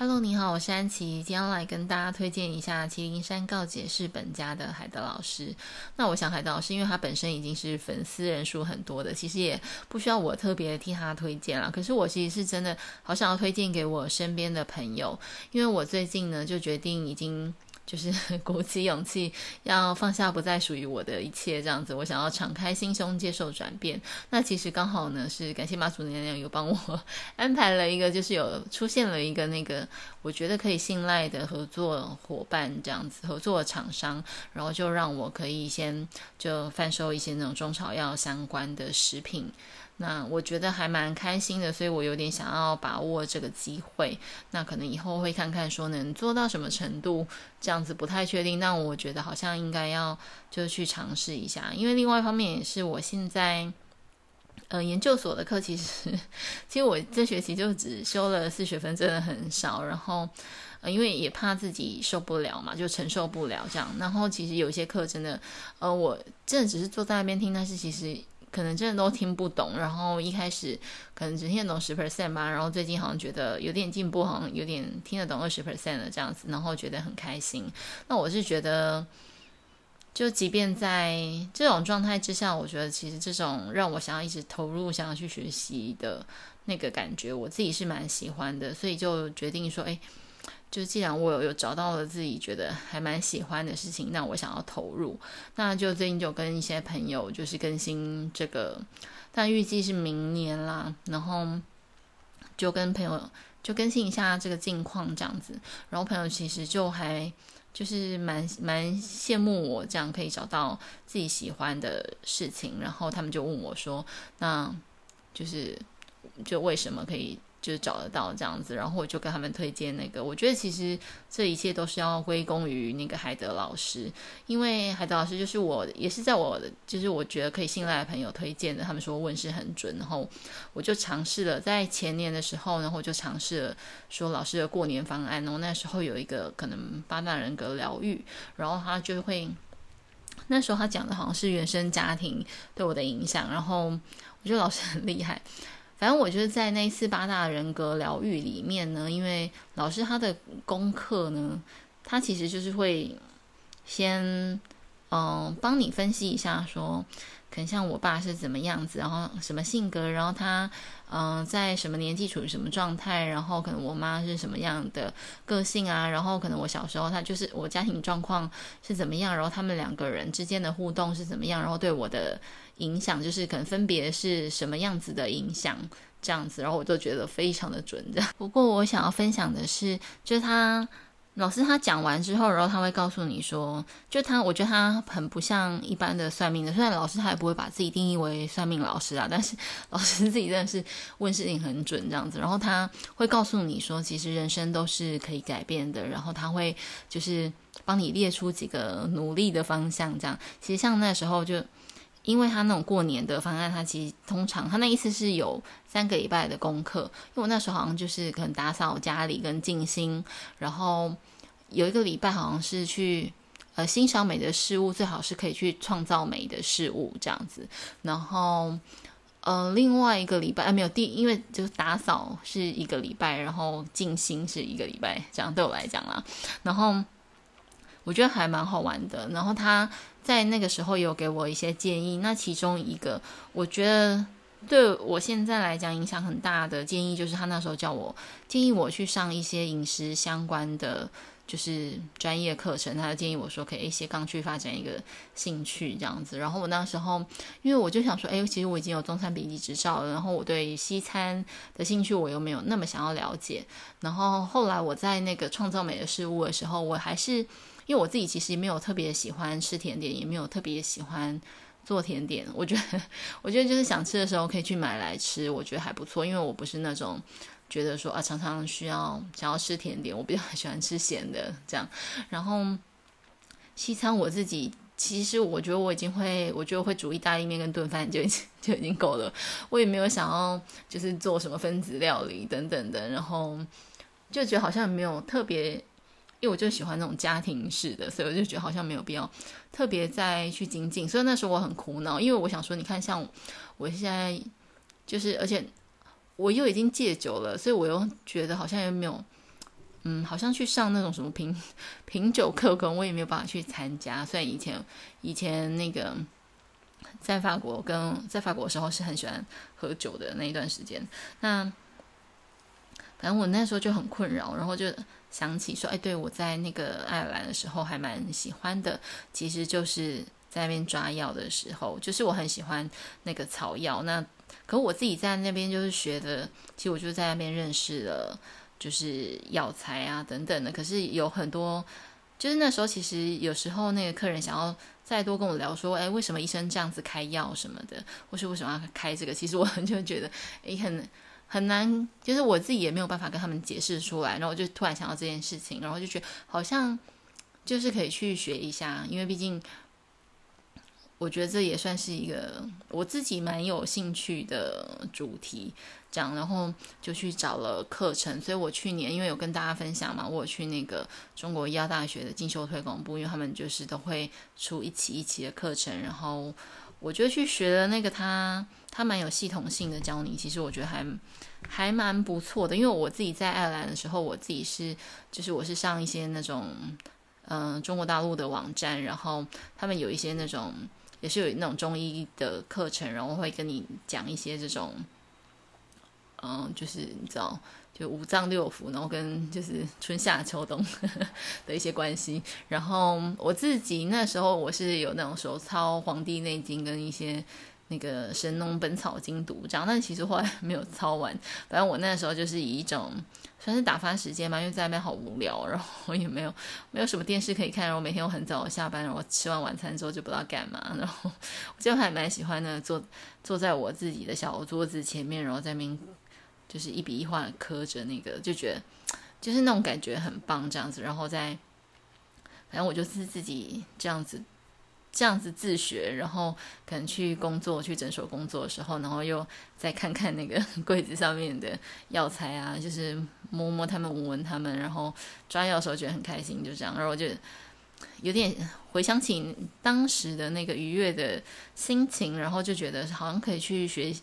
Hello，你好，我是安琪，今天要來跟大家推薦一下《麒麟山告解室》本家的海德老師。那我想，海德老師因為他本身已經是粉絲人數很多的，其實也不需要我特別替他推薦了。可是我其實是真的好想要推薦給我身邊的朋友，因為我最近呢就決定已經。就是鼓起勇氣，要放下不再屬於我的一切，這樣子，我想要敞開心胸接受轉變。那其實剛好呢，是感謝媽祖娘娘有幫我安排了一個，就是有出現了一個那個我覺得可以信賴的合作夥伴，這樣子合作廠商，然後就讓我可以先就販售一些那種中草藥相關的食品。那我覺得還蠻開心的，所以我有點想要把握這個機會。那可能以後會看看說能做到什麼程度，這樣子不太確定。那我覺得好像應該要就去嘗試一下，因為另外一方面也是我現在，呃，研究所的課其實，其實我這學期就只修了四學分，真的很少。然後，呃，因為也怕自己受不了嘛，就承受不了這樣。然後其實有些課真的，呃，我真的只是坐在那邊聽，但是其實。可能真的都聽不懂，然後一開始可能只聽得懂10%吧，然後最近好像覺得有點進步，好像有點聽得懂20%的這樣子，然後覺得很開心。那我是覺得，就即便在這種狀態之下，我覺得其實這種讓我想要一直投入、想要去學習的那個感覺，我自己是蠻喜歡的，所以就決定說，哎。就既然我有有找到了自己覺得還蠻喜歡的事情,那我想要投入。那就最近就跟一些朋友就是更新這個，但預計是明年啦。然後就跟朋友就更新一下這個近況這樣子。然後朋友其實就還就是蠻蠻羨慕我這樣可以找到自己喜歡的事情。然後他們就問我說：“那就是就為什麼可以？”就找得到這樣子，然後我就跟他們推薦那個。我覺得其實這一切都是要歸功於那個海德老師，因為海德老師就是我也是在我就是我覺得可以信賴的朋友推薦的。他們說問事很準，然後我就嘗試了，在前年的時候呢，然後就嘗試了說老師的過年方案哦。然後那時候有一個可能八大人格療癒，然後他就會那時候他講的好像是原生家庭對我的影響，然後我覺得老師很厲害。反正我覺得在那次八大人格療癒裡面呢，因為老師他的功課呢，他其實就是會先嗯幫你分析一下說。很像我爸是怎麼樣子，然後什麼性格，然後他，嗯、呃，在什麼年紀處於什麼狀態，然後可能我媽是什麼樣的個性啊，然後可能我小時候他就是我家庭狀況是怎麼樣，然後他們兩個人之間的互動是怎麼樣，然後對我的影響就是可能分別是什麼樣子的影響這樣子，然後我都覺得非常的準的。不過我想要分享的是，就是他。老師他講完之後，然後他會告訴你說，就他，我覺得他很不像一般的算命的。雖然老師他也不會把自己定義為算命老師啊，但是老師自己真的是問事情很準這樣子。然後他會告訴你說，其實人生都是可以改變的。然後他會就是幫你列出幾個努力的方向這樣。其實像那時候就，因為他那種過年的方案，他其實通常他那意思是有三個禮拜的功課。因為我那時候好像就是可能打掃家裡跟靜心，然後。有一個禮拜好像是去呃欣賞美的事物，最好是可以去創造美的事物這樣子。然後呃另外一個禮拜啊沒有第，因為就是打掃是一個禮拜，然後靜心是一個禮拜，這樣對我來講啦。然後我覺得還蠻好玩的。然後他在那個時候有給我一些建議，那其中一個我覺得對我現在來講影響很大的建議，就是他那時候叫我建議我去上一些飲食相關的就是專業課程，他建議我說可以一些剛去發展一個興趣這樣子。然後我那時候，因為我就想說，哎，其實我已經有中餐丙級執照了，然後我對西餐的興趣我又沒有那麼想要了解。然後後來我在那個創造美的事物的時候，我還是因為我自己其實也沒有特別喜歡吃甜點，也沒有特別喜歡做甜點。我覺得，我覺得就是想吃的時候可以去買來吃，我覺得還不錯，因為我不是那種。覺得說啊，常常需要想要吃甜點，我比較喜歡吃鹹的這樣。然後西餐我自己其實我覺得我已經會，我覺得我會煮意大利麵跟燉飯就已經就已經夠了。我也沒有想要就是做什麼分子料理等等的。然後就覺得好像沒有特別，因為我就喜歡那種家庭式的，所以我就覺得好像沒有必要特別再去精進。所以那時候我很苦惱，因為我想說，你看像我，我現在就是而且。我又已經戒酒了，所以我又覺得好像又沒有，嗯，好像去上那種什麼品品酒課，可能我也沒有辦法去參加。雖然以前以前那個在法國跟在法國的時候是很喜歡喝酒的那一段時間。那反正我那時候就很困擾，然後就想起說，哎，對，我在那個愛爾蘭的時候還蠻喜歡的，其實就是。在那邊抓藥的時候，就是我很喜歡那個草藥。那可是我自己在那邊就是學的，其實我就在那邊認識了，就是藥材啊等等的。可是有很多，就是那時候其實有時候那個客人想要再多跟我聊說，誒，為什麼醫生這樣子開藥什麼的，或是為什麼要開這個？其實我就覺得，誒，很很難，就是我自己也沒有辦法跟他們解釋出來。然後我就突然想到這件事情，然後就覺得好像就是可以去學一下，因為畢竟。我覺得這也算是一個我自己蠻有興趣的主題講，然後就去找了課程。所以我去年因為有跟大家分享嘛，我去那個中國醫藥大學的進修推廣部，因為他們就是都會出一期一期的課程。然後我覺得去學的那個他他蠻有系統性的教你，其實我覺得還還蠻不錯的。因為我自己在愛爾蘭的時候，我自己是就是我是上一些那種嗯、呃、中國大陸的網站，然後他們有一些那種，也是有那種中醫的課程，然後會跟你講一些這種，嗯，就是你知道，就五臟六腑，然後跟就是春夏秋冬的一些關係。然後我自己那時候我是有那種手抄《黃帝內經》跟一些。那個《神農本草經》讀這樣，但其實後來沒有抄完。反正我那時候就是以一種算是打發時間吧，因為在外面好無聊，然後我也沒有沒有什麼電視可以看，然後每天我很早下班，然後吃完晚餐之後就不知道幹嘛。然後我就還蠻喜歡的，坐坐在我自己的小桌子前面，然後在那邊就是一筆一畫的刻着那個，就覺得就是那種感覺很棒，這樣子。然後在，反正我就是自己這樣子。這樣子自學，然後可能去工作，去診所工作的時候，然後又再看看那個櫃子上面的藥材啊，就是摸摸他們，聞聞他們，然後抓藥的時候覺得很開心，就這樣。然後我就有點回想起當時的那個愉悅的心情，然後就覺得好像可以去學，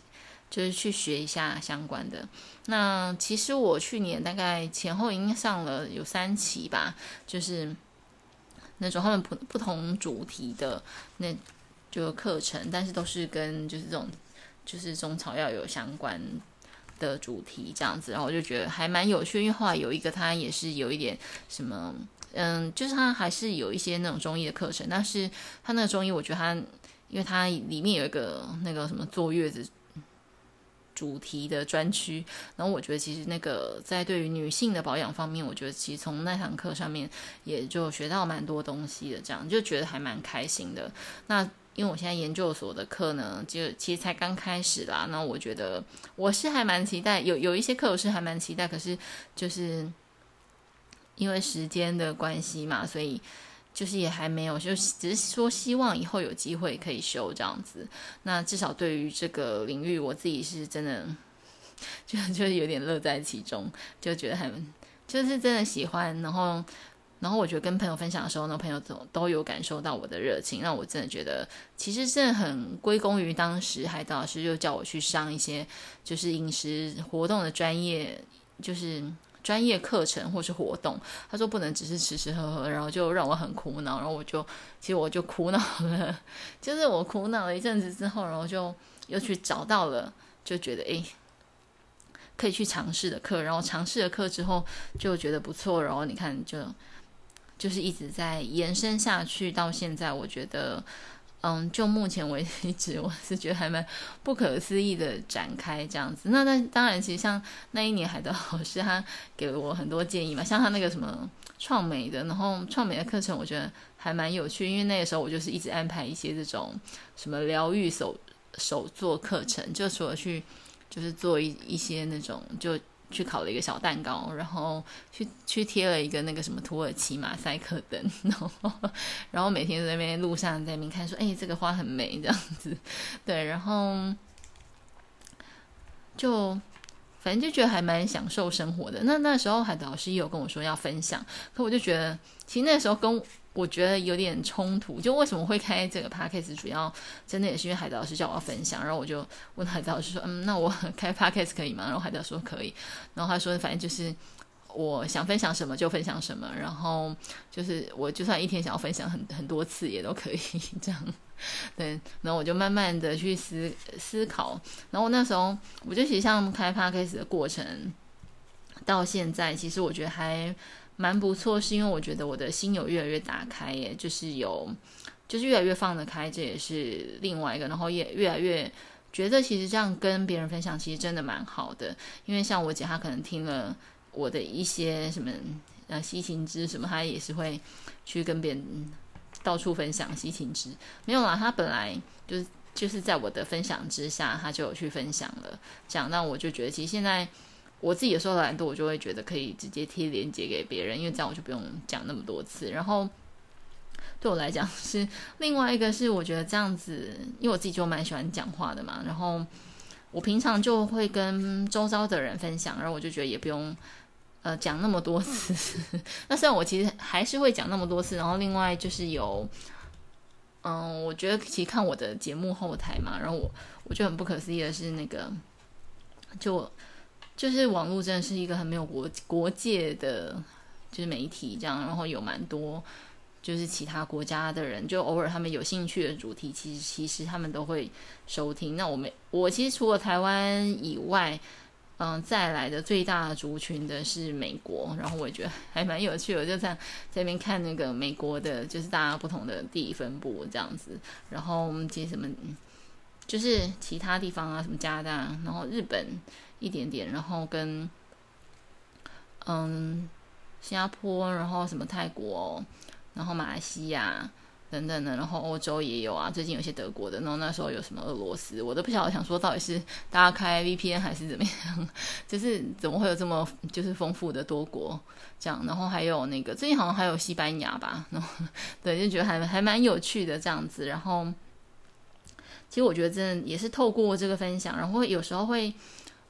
就是去學一下相關的。那其實我去年大概前後已經上了有三期吧，就是。那種他們不不同主題的那，就課程，但是都是跟就是這種就是中草藥有相關的主題這樣子，然後我就覺得還蠻有趣。因為後來有一個他也是有一點什麼，嗯，就是他還是有一些那種中醫的課程，但是他那個中醫我覺得他，因為他裡面有一個那個什麼坐月子。主題的專區，然後我覺得其實那個在對於女性的保養方面，我覺得其實從那堂課上面也就學到蠻多東西的，這樣就覺得還蠻開心的。那因為我現在研究所的課呢，就其實才剛開始啦，那我覺得我是還蠻期待，有有一些課我是還蠻期待，可是就是因為時間的關係嘛，所以。就是也還沒有，就只是說希望以後有機會可以修這樣子。那至少對於這個領域，我自己是真的，就就有點樂在其中，就覺得很就是真的喜歡。然後，然後我覺得跟朋友分享的時候，那個、朋友總都有感受到我的熱情，讓我真的覺得其實真的很歸功於當時海德老師又叫我去上一些就是飲食活動的專業，就是。專業課程或是活動，他說不能只是吃吃喝喝，然後就讓我很苦惱，然後我就其實我就苦惱了，就是我苦惱了一陣子之後，然後就又去找到了，就覺得哎，可以去嘗試的課，然後嘗試的課之後就覺得不錯，然後你看就就是一直在延伸下去到現在，我覺得。嗯，就目前為止，我是覺得還蠻不可思議的展開這樣子。那那當然，其實像那一年海德老師他給了我很多建議嘛，像他那個什麼創美的，然後創美的課程我覺得還蠻有趣，因為那個時候我就是一直安排一些這種什麼療癒手手作課程，就說去就是做一一些那種就。去烤了一個小蛋糕，然後去去貼了一個那個什麼土耳其馬賽克燈，然後，然後每天在那邊路上在那邊看說，說、欸、哎這個花很美這樣子，對，然後就反正就覺得還蠻享受生活的。那那時候海德老師也有跟我說要分享，可我就覺得其實那時候跟我。我覺得有點衝突，就為什麼會開這個 podcast，主要真的也是因為海德老師叫我分享，然後我就問海德老師說：“嗯，那我開 podcast 可以嗎？”然後海德說：“可以。”然後他說：“反正就是我想分享什麼就分享什麼，然後就是我就算一天想要分享很很多次也都可以這樣。”對，然後我就慢慢的去思思考，然後我那時候我就寫像開 podcast 的過程，到現在其實我覺得還。蠻不錯，是因為我覺得我的心有越來越打開耶，就是有，就是越來越放得開，這也是另外一個。然後也越來越覺得，其實這樣跟別人分享，其實真的蠻好的。因為像我姐，她可能聽了我的一些什麼呃、啊、西芹汁什麼，她也是會去跟別人到處分享西芹汁。沒有啦，她本來就是就是在我的分享之下，她就有去分享了。講到我就覺得，其實現在。我自己有時候懶惰，我就會覺得可以直接貼鏈接給別人，因為這樣我就不用講那麼多次。然後對我來講是另外一個是，我覺得這樣子，因為我自己就蠻喜歡講話的嘛。然後我平常就會跟周遭的人分享，然後我就覺得也不用呃講那麼多次。 那雖然我其實還是會講那麼多次。然後另外就是有，嗯、呃，我覺得其實看我的節目後台嘛，然後我我就很不可思議的是那個就。就是網絡真的是一個很沒有國國界的就是媒體這樣，然後有蠻多就是其他國家的人，就偶爾他們有興趣的主題，其實其實他們都會收聽。那我們我其實除了台灣以外，嗯、呃，再來的最大的族群的是美國，然後我也覺得還蠻有趣的，我就在在這樣這邊看那個美國的，就是大家不同的地域分布這樣子，然後我們接什麼？就是其他地方啊，什麼加拿大，然後日本一點點，然後跟嗯新加坡，然後什麼泰國、然後馬來西亞等等的，然後歐洲也有啊，最近有些德國的，然後那時候有什麼俄羅斯，我都不曉得，想說到底是大家開 VPN 還是怎麼樣，就是怎麼會有這麼就是豐富的多國這樣，然後還有那個最近好像還有西班牙吧，然後對，就覺得還還蠻有趣的這樣子，然後。其實我覺得，真的也是透過這個分享，然後有時候會，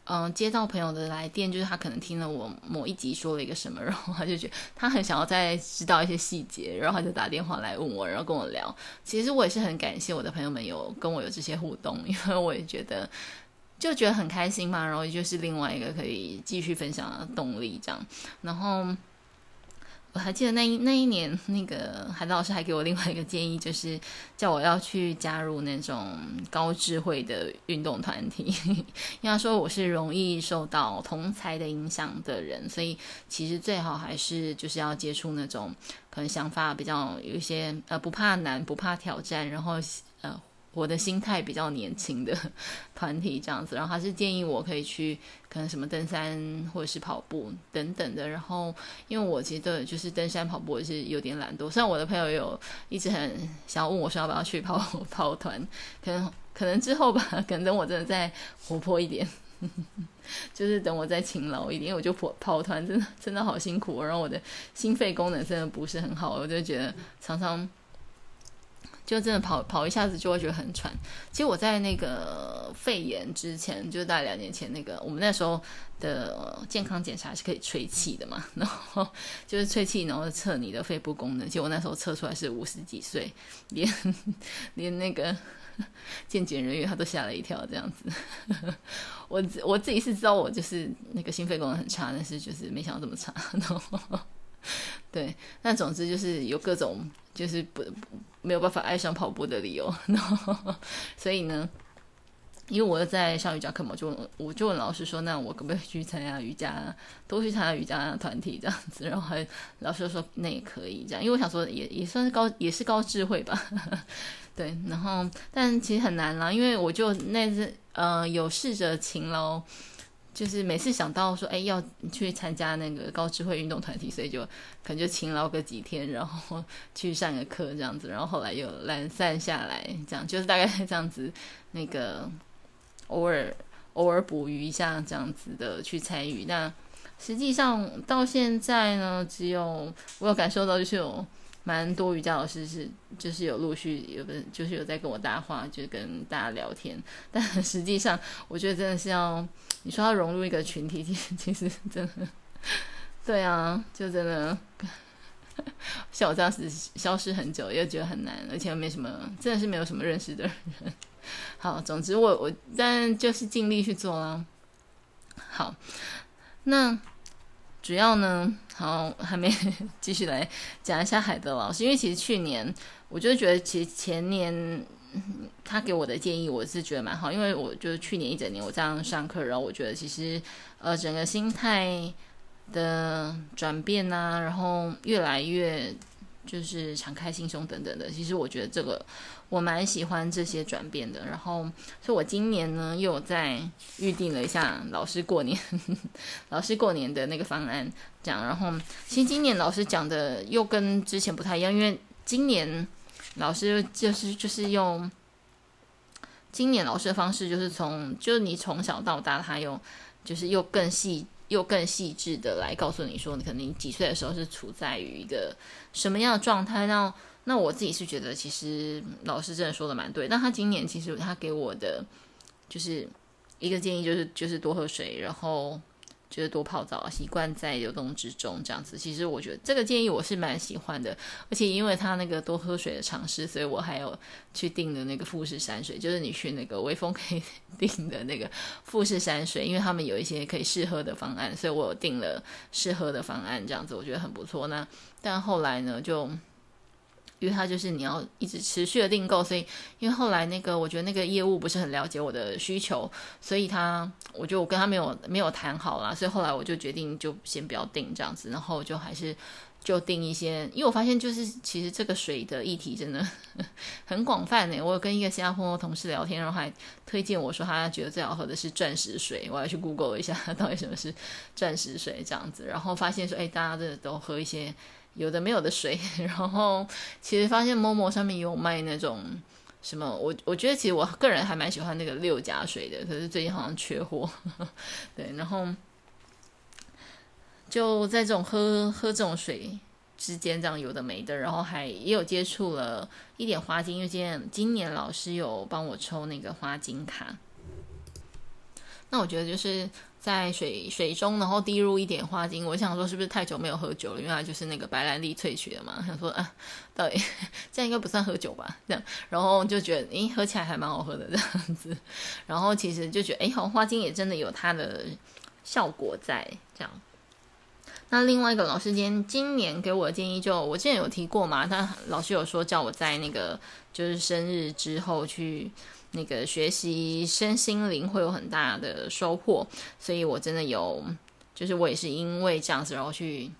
嗯、呃，接到朋友的來電，就是他可能聽了我某一集說了一個什麼，然後他就覺得他很想要再知道一些細節，然後他就打電話來問我，然後跟我聊。其實我也是很感謝我的朋友們有跟我有這些互動，因為我也覺得，就覺得很開心嘛，然後就是另外一個可以繼續分享的動力這樣，然後。我還記得那一那一年，那個海德老師還給我另外一個建議，就是叫我要去加入那種高智慧的運動團體，因為他說我是容易受到同儕的影響的人，所以其實最好還是就是要接觸那種可能想法比較有一些呃不怕難、不怕挑戰，然後。我的心態比較年輕的團體這樣子，然後他是建議我可以去可能什麼登山或者是跑步等等的，然後因為我覺得就是登山跑步也是有點懶惰，雖然我的朋友有一直很想要問我說要不要去跑跑團，可能可能之後吧，可能等我真的再活潑一點呵呵，就是等我再勤勞一點，因為我就跑跑團真的真的好辛苦，然後我的心肺功能真的不是很好，我就覺得常常。就真的跑跑一下子就會覺得很喘。其實我在那個肺炎之前，就是大概兩年前，那個我們那時候的健康檢查是可以吹氣的嘛，然後就是吹氣，然後測你的肺部功能。結果那時候測出來是五十幾歲，連連那個健檢人員他都嚇了一跳，這樣子。我我自己是知道我就是那個心肺功能很差，但是就是沒想到這麼差。然後對，但總之就是有各種，就是不不。沒有辦法愛上跑步的理由，然後，所以呢，因為我在上瑜伽課嘛，我就，我就我就問老師說：“那我可不可以去參加瑜伽，多去參加瑜伽團體這樣子？”然後還老師就說：“那也可以。”這樣，因為我想說也，也也算是高，也是高智慧吧。呵呵對，然後但其實很難啦，因為我就那次，嗯、呃，有試着請嘍。就是每次想到說，哎、欸，要去參加那個高智慧運動團體，所以就可能就勤勞個幾天，然後去上個課這樣子，然後後來又懶散下來，這樣就是大概這樣子，那個偶爾偶爾捕魚一下這樣子的去參與。那實際上到現在呢，只有我有感受到就是有。蠻多瑜伽老師是，就是有陸續有跟，就是有在跟我搭話，就是跟大家聊天。但實際上，我覺得真的是要你說要融入一個群體，其實其實真的，對啊，就真的像我這樣子消失很久，又覺得很難，而且又沒什麼，真的是沒有什麼認識的人。好，總之我我但就是盡力去做啦。好，那。主要呢，好還沒繼續來講一下海德老師，因為其實去年我就覺得，其實前年他給我的建議，我是覺得蠻好，因為我就去年一整年我這樣上課，然後我覺得其實呃整個心態的轉變吶、啊，然後越來越。就是敞開心胸等等的，其實我覺得這個我蠻喜歡這些轉變的。然後，所以我今年呢又有在預定了一下老師過年、呵呵老師過年的那個方案講。然後，其實今年老師講的又跟之前不太一樣，因為今年老師就是就是用今年老師的方式，就是從就是你從小到大，他又就是又更細。又更細緻的來告訴你說，你可能你幾歲的時候是處在於一個什麼樣的狀態。那那我自己是覺得，其實老師真的說的蠻對。那他今年其實他給我的就是一個建議，就是就是多喝水，然後。就是多泡澡啊，習慣在流動之中這樣子。其實我覺得這個建議我是蠻喜歡的，而且因為他那個多喝水的嘗試，所以我還有去訂的那個富士山水，就是你去那個微風可以訂的那個富士山水，因為他們有一些可以試喝的方案，所以我有訂了試喝的方案，這樣子，我覺得很不錯。那但後來呢就。因為它，就是你要一直持續的訂購，所以因為後來那個我覺得那個業務不是很了解我的需求，所以他我覺得我跟他沒有沒有談好啦，所以後來我就決定就先不要訂這樣子，然後就還是就訂一些，因為我發現就是其實這個水的議題真的很廣泛誒，我有跟一個新加坡同事聊天，然後還推薦我說他覺得最好喝的是鑽石水，我要去 Google 一下到底什麼是鑽石水這樣子，然後發現說，哎，大家真的都喝一些有的沒有的水，然後其實發現陌陌上面也有賣那種什麼，我我覺得其實我個人還蠻喜歡那個六加水的，可是最近好像缺貨，呵呵，對，然後就在這種喝喝這種水之間，這樣有的沒的，然後還也有接觸了一點花精，因為今年今年老師有幫我抽那個花精卡，那我覺得就是。在水水中，然後滴入一點花精。我想說，是不是太久沒有喝酒了？因為就是那個白蘭地萃取的嘛。想說啊，倒也這樣應該不算喝酒吧？這樣，然後就覺得，哎，喝起來還蠻好喝的這樣子。然後其實就覺得，哎，好像花精也真的有它的效果在這樣。那另外一個老師今今年給我的建議就，就我之前有提過嘛。他老師有說叫我在那個就是生日之後去。那個學習身心靈會有很大的收穫，所以我真的有，就是我也是因為這樣子，然後去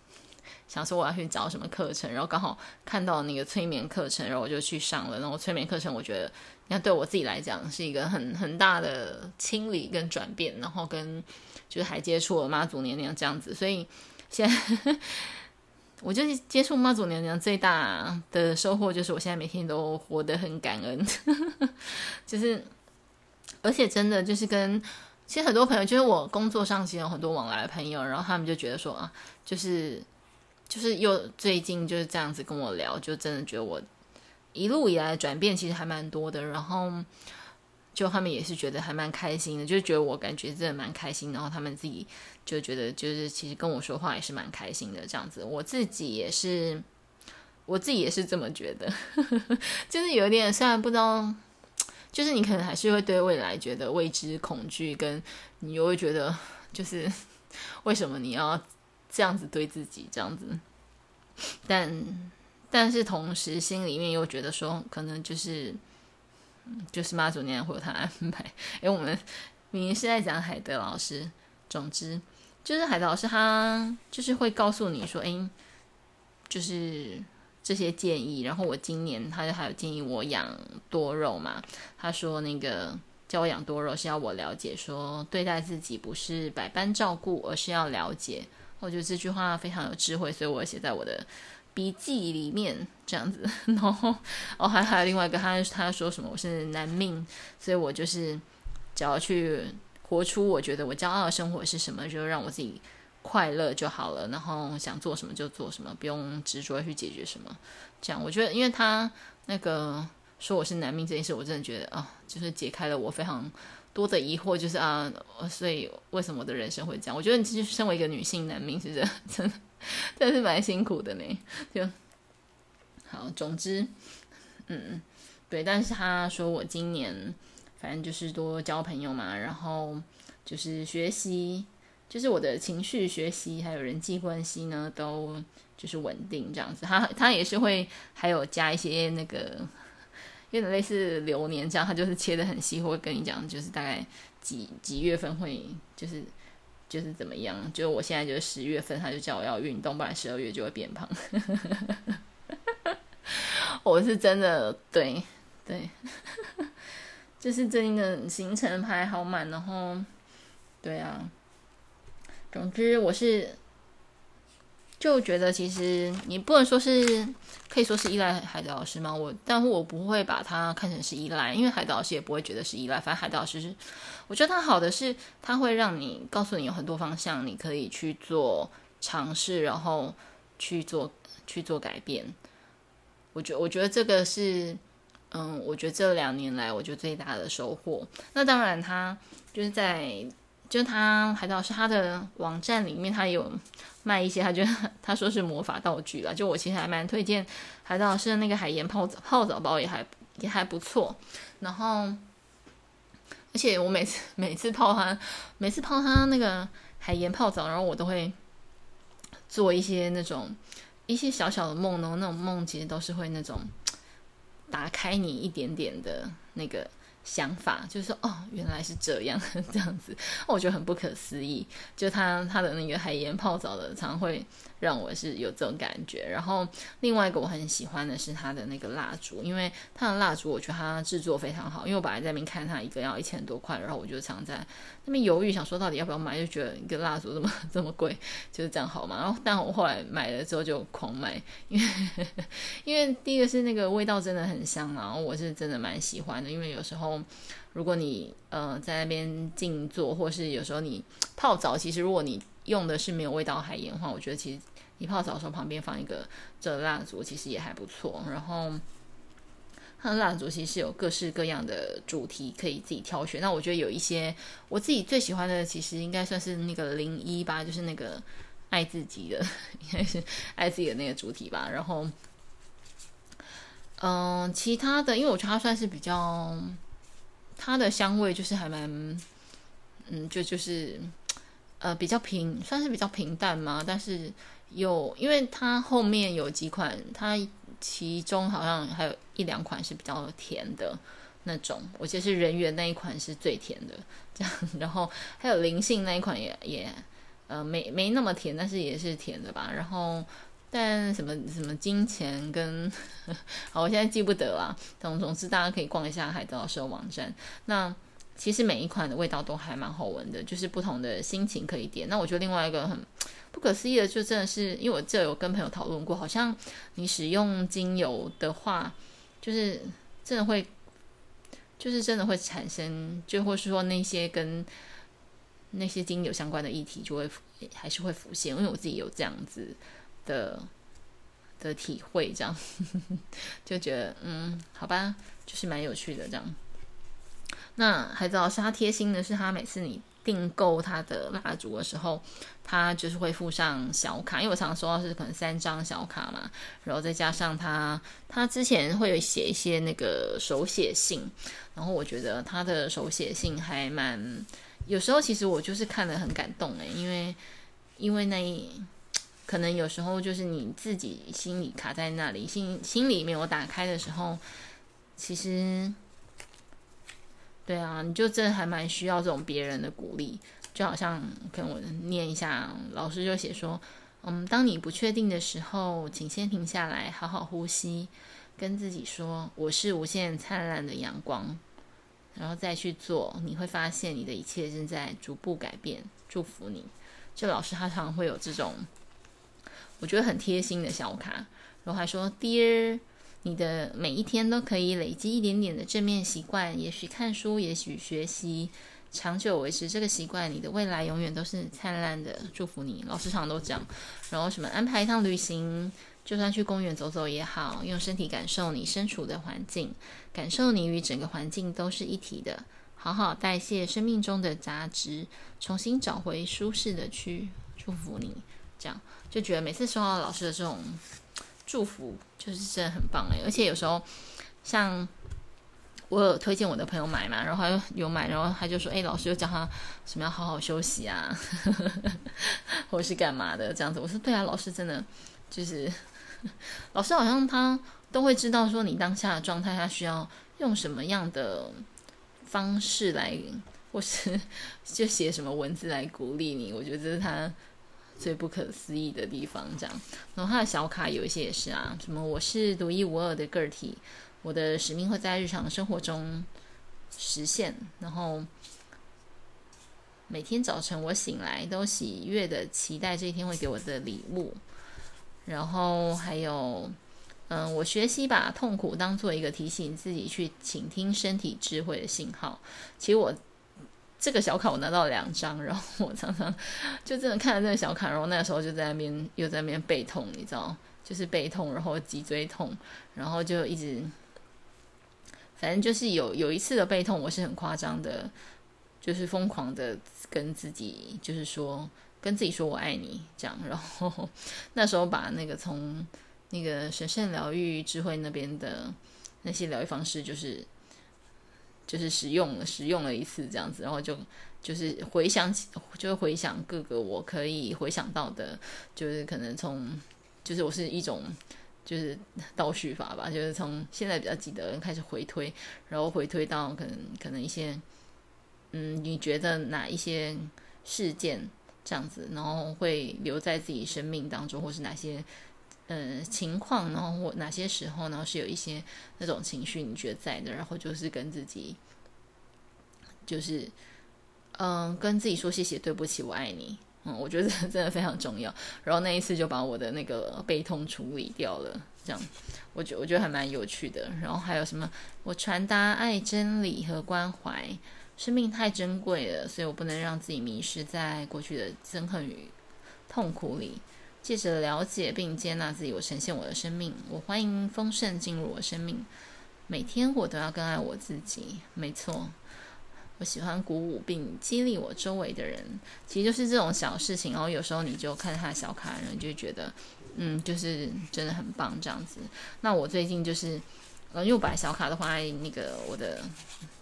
想說我要去找什麼課程，然後剛好看到那個催眠課程，然後我就去上了。然後催眠課程我覺得，那對我自己來講是一個很很大的清理跟轉變，然後跟就是還接觸了媽祖娘娘這樣子，所以現在。 我就是接觸媽祖娘娘最大的收穫，就是我現在每天都活得很感恩， 就是，而且真的就是跟，其實很多朋友，就是我工作上其實有很多往來的朋友，然後他們就覺得說啊，就是，就是又最近就是這樣子跟我聊，就真的覺得我一路以來轉變其實還蠻多的，然後。就他們也是覺得還蠻開心的，就覺得我感覺真的蠻開心，然後他們自己就覺得就是其實跟我說話也是蠻開心的這樣子。我自己也是，我自己也是這麼覺得， 就是有點雖然不知道，就是你可能還是會對未來覺得未知恐懼，跟你又會覺得就是為什麼你要這樣子對自己這樣子，但但是同時心裡面又覺得說可能就是。就是媽祖娘娘會有他安排，因為、欸、我們明明是在講海德老師。總之，就是海德老師他就是會告訴你說，誒、欸，就是這些建議。然後我今年他就還有建議我養多肉嘛，他說那個教我養多肉是要我了解說對待自己不是百般照顧，而是要了解。我覺得這句話非常有智慧，所以我寫在我的。筆記裡面這樣子，然後哦，還還有另外一個，他他說什麼，我是男命，所以我就是只要去活出我覺得我驕傲的生活是什麼，就是讓我自己快樂就好了，然後想做什麼就做什麼，不用執着去解決什麼。這樣，我覺得因為他那個說我是男命這件事，我真的覺得啊，就是解開了我非常多的疑惑，就是啊，所以為什麼我的人生會這樣？我覺得你其實身為一個女性男命，是不是，是這樣真的。但是蠻辛苦的呢，就好。總之，嗯嗯，對。但是他說我今年反正就是多交朋友嘛，然後就是學習，就是我的情緒、學習還有人際關係呢，都就是穩定這樣子。他他也是會還有加一些那個，有點類似流年這樣，他就是切得很細，會跟你講，就是大概幾幾月份會就是。就是怎麼樣？就我現在就是十月份，他就叫我要運動，不然十二月就會變胖。 我是真的，對對， 就是最近的行程排好滿，然後對啊，總之我是。就覺得其實你不能說是，可以說是依賴海德老師嗎？我，但我不會把他看成是依賴，因為海德老師也不會覺得是依賴。反正海德老師是，我覺得他好的是，他會讓你告訴你有很多方向你可以去做嘗試，然後去做去做改變。我覺得我覺得這個是，嗯，我覺得這兩年來我覺得最大的收穫。那當然，他就是在。就他，海德老師他的網站裡面，他有賣一些，他覺得他說是魔法道具啦，就我其實還蠻推薦海德老師的那個海鹽泡澡泡澡包也，也還也還不錯。然後，而且我每次每次泡他每次泡他那個海鹽泡澡，然後我都會做一些那種一些小小的夢，然後那種夢其實都是會那種打開你一點點的那個。想法就是說，哦，原來是這樣，這樣子，我覺得很不可思議。就他他的那個海鹽泡澡的，常會。讓我是有這種感覺，然後另外一個我很喜歡的是他的那個蠟燭，因為他的蠟燭我覺得他制作非常好，因為我本來在那邊看他一個要一千多塊，然後我就常在那邊猶豫，想說到底要不要買，就覺得一個蠟燭這麼這麼貴，就是這樣好嘛。然後但我後來買了之後就狂買，因為呵呵，因為第一個是那個味道真的很香，然後我是真的蠻喜歡的，因為有時候如果你呃在那邊靜坐，或是有時候你泡澡，其實如果你用的是沒有味道海鹽的話，我覺得其實一泡澡的時候旁邊放一個這蠟燭，其實也還不錯。然後，它的蠟燭其實有各式各樣的主題可以自己挑選。那我覺得有一些我自己最喜歡的，其實應該算是那個零一吧，就是那個愛自己的，應該是愛自己的那個主題吧。然後，嗯、呃，其他的，因為我覺得它算是比較，它的香味就是還蠻，嗯，就就是。呃，比較平，算是比較平淡嘛。但是有，因為它後面有幾款，它其中好像還有一兩款是比較甜的那種。我其實人緣那一款是最甜的，這樣。然後還有靈性那一款也也，呃，沒沒那麼甜，但是也是甜的吧。然後但什麼什麼金錢跟呵呵，好，我現在記不得啦啊。總總之，大家可以逛一下海德老師的網站。那。其實每一款的味道都還蠻好聞的，就是不同的心情可以點。那我覺得另外一個很不可思議的，就真的是因為我這有跟朋友討論過，好像你使用精油的話，就是真的會，就是真的會產生，就或是說那些跟那些精油相關的議題就會還是會浮現，因為我自己有這樣子的的體會，這樣 就覺得嗯，好吧，就是蠻有趣的這樣。那還知道是他貼心的是，他每次你訂購他的蠟燭的時候，他就是會附上小卡，因為我常常收到是可能三張小卡嘛，然後再加上他，他之前會有寫一些那個手寫信，然後我覺得他的手寫信還蠻，有時候其實我就是看得很感動哎、欸，因為因為那一，可能有時候就是你自己心裡卡在那裡，心心裡面沒有打開的時候，其實。對啊，你就真的還蠻需要這種別人的鼓勵，就好像跟我念一下，老師就寫說，嗯，當你不確定的時候，請先停下來，好好呼吸，跟自己說，我是無限燦爛的陽光，然後再去做，你會發現你的一切正在逐步改變。祝福你，就老師他常常會有這種我覺得很貼心的小卡，然後還說，Dear。你的每一天都可以累積一點點的正面習慣，也許看書，也許學習，長久維持這個習慣，你的未來永遠都是燦爛的。祝福你，老師常都講，然後什麼安排一趟旅行，就算去公園走走也好，用身體感受你身處的環境，感受你與整個環境都是一體的，好好代謝生命中的雜質，重新找回舒適的去，祝福你，這樣就覺得每次收到老師的這種。祝福就是真的很棒哎，而且有時候，像我有推薦我的朋友買嘛，然後他有買，然後他就說：“哎，老師又叫他什麼要好好休息啊，或者是幹嘛的這樣子。”我說：“對啊，老師真的就是，老師好像他都會知道說你當下的狀態，他需要用什麼樣的方式來，或是就寫什麼文字來鼓勵你。我覺得這是他。”最不可思議的地方，這樣。然後他的小卡有一些也是啊，什麼我是獨一無二的個體，我的使命會在日常生活中實現。然後每天早晨我醒來都喜悅的期待這一天會給我的禮物。然後還有，嗯，我學習把痛苦當做一個提醒自己去傾聽身體智慧的信號。其實我。這個小卡我拿到兩張，然後我常常就真的看着那個小卡，然後那時候就在那邊又在那邊背痛，你知道就是背痛，然後脊椎痛，然後就一直，反正就是有有一次的背痛，我是很誇張的，就是瘋狂的跟自己就是說跟自己說我愛你這樣，然後那時候把那個從那個神聖療癒智慧那邊的那些療癒方式就是。就是使用了使用了一次這樣子，然後就就是回想起，就回想各個我可以回想到的，就是可能從就是我是一種就是倒敘法吧，就是從現在比較記得開始回推，然後回推到可能可能一些嗯，你覺得哪一些事件這樣子，然後會留在自己生命當中，或是哪些？呃，情況，然後我哪些時候呢？然後是有一些那種情緒，你覺得在的，然後就是跟自己，就是嗯、呃，跟自己說謝謝、對不起、我愛你。嗯，我覺得真的非常重要。然後那一次就把我的那個悲痛處理掉了，這樣，我覺得我覺得還蠻有趣的。然後還有什麼？我傳達愛、真理和關懷。生命太珍貴了，所以我不能讓自己迷失在過去的憎恨與痛苦裡。借着了解並接納自己，我呈現我的生命。我歡迎豐盛進入我的生命。每天我都要更愛我自己。沒錯，我喜歡鼓舞並激勵我周圍的人，其實就是這種小事情。然後有時候你就看他小卡，然後你就覺得，嗯，就是真的很棒這樣子。那我最近就是，呃，又把小卡的話，那個我的。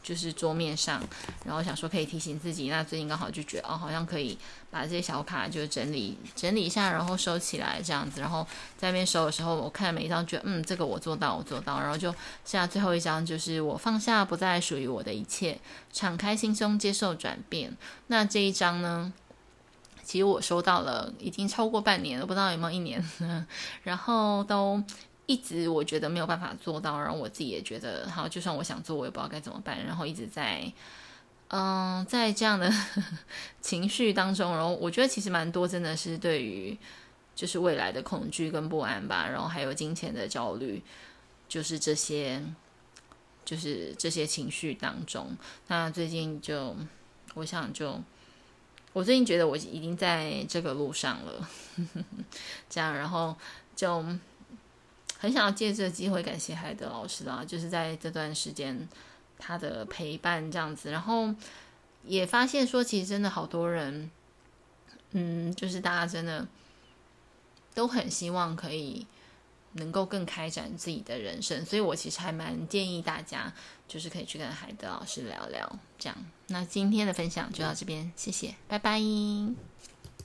就是桌面上，然後想說可以提醒自己。那最近剛好就覺得哦，好像可以把這些小卡就整理整理一下，然後收起來這樣子。然後在那邊收的時候，我看每一張，覺得嗯，這個我做到，我做到。然後就下最後一張就是我放下不再屬於我的一切，敞開心胸接受轉變。那這一張呢，其實我收到了已經超過半年了，不知道有沒有一年了。然後都。一直我覺得沒有辦法做到，然後我自己也覺得，好，就算我想做，我也不知道該怎麼辦。然後一直在，嗯、呃，在這樣的情緒當中，然後我覺得其實蠻多，真的是對於就是未來的恐懼跟不安吧，然後還有金錢的焦慮，就是這些，就是這些情緒當中。那最近就，我想就，我最近覺得我已經在這個路上了，這樣，然後就。很想要借這個機會感謝海德老師啊，就是在這段時間他的陪伴這樣子，然後也發現說其實真的好多人，嗯，就是大家真的都很希望可以能夠更開展自己的人生，所以我其實還蠻建議大家就是可以去跟海德老師聊聊這樣。那今天的分享就到這邊，嗯、謝謝，拜拜。